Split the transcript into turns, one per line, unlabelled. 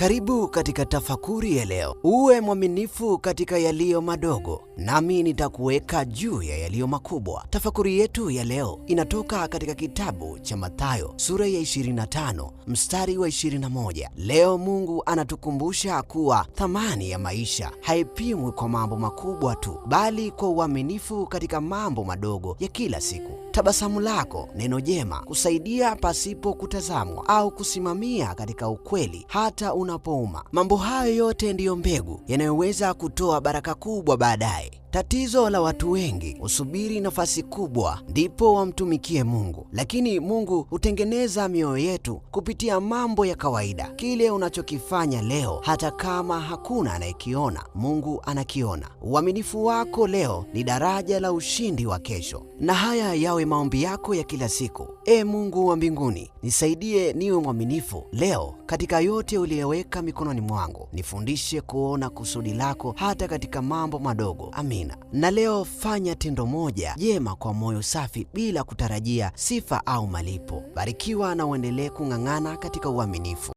Karibu katika tafakuri ya leo. Uwe mwaminifu katika yaliyo madogo, nami nitakuweka juu ya yaliyo makubwa. Tafakuri yetu ya leo inatoka katika kitabu cha Mathayo sura ya 25 mstari wa 21. Leo Mungu anatukumbusha kuwa thamani ya maisha haipimwi kwa mambo makubwa tu, bali kwa uaminifu katika mambo madogo ya kila siku tabasamu lako, neno jema, kusaidia pasipo kutazamwa au kusimamia katika ukweli hata unapouma. Mambo hayo yote ndiyo mbegu yanayoweza kutoa baraka kubwa baadaye. Tatizo la watu wengi husubiri nafasi kubwa ndipo wamtumikie Mungu, lakini Mungu hutengeneza mioyo yetu kupitia mambo ya kawaida. Kile unachokifanya leo, hata kama hakuna anayekiona, Mungu anakiona. Uaminifu wako leo ni daraja la ushindi wa kesho, na haya yawe maombi yako ya kila siku. E Mungu wa mbinguni, nisaidie niwe mwaminifu leo katika yote uliyoweka mikononi mwangu. Nifundishe kuona kusudi lako hata katika mambo madogo. Amin. Amina. Na leo fanya tendo moja jema kwa moyo safi bila kutarajia sifa au malipo. Barikiwa na uendelee kung'ang'ana katika uaminifu.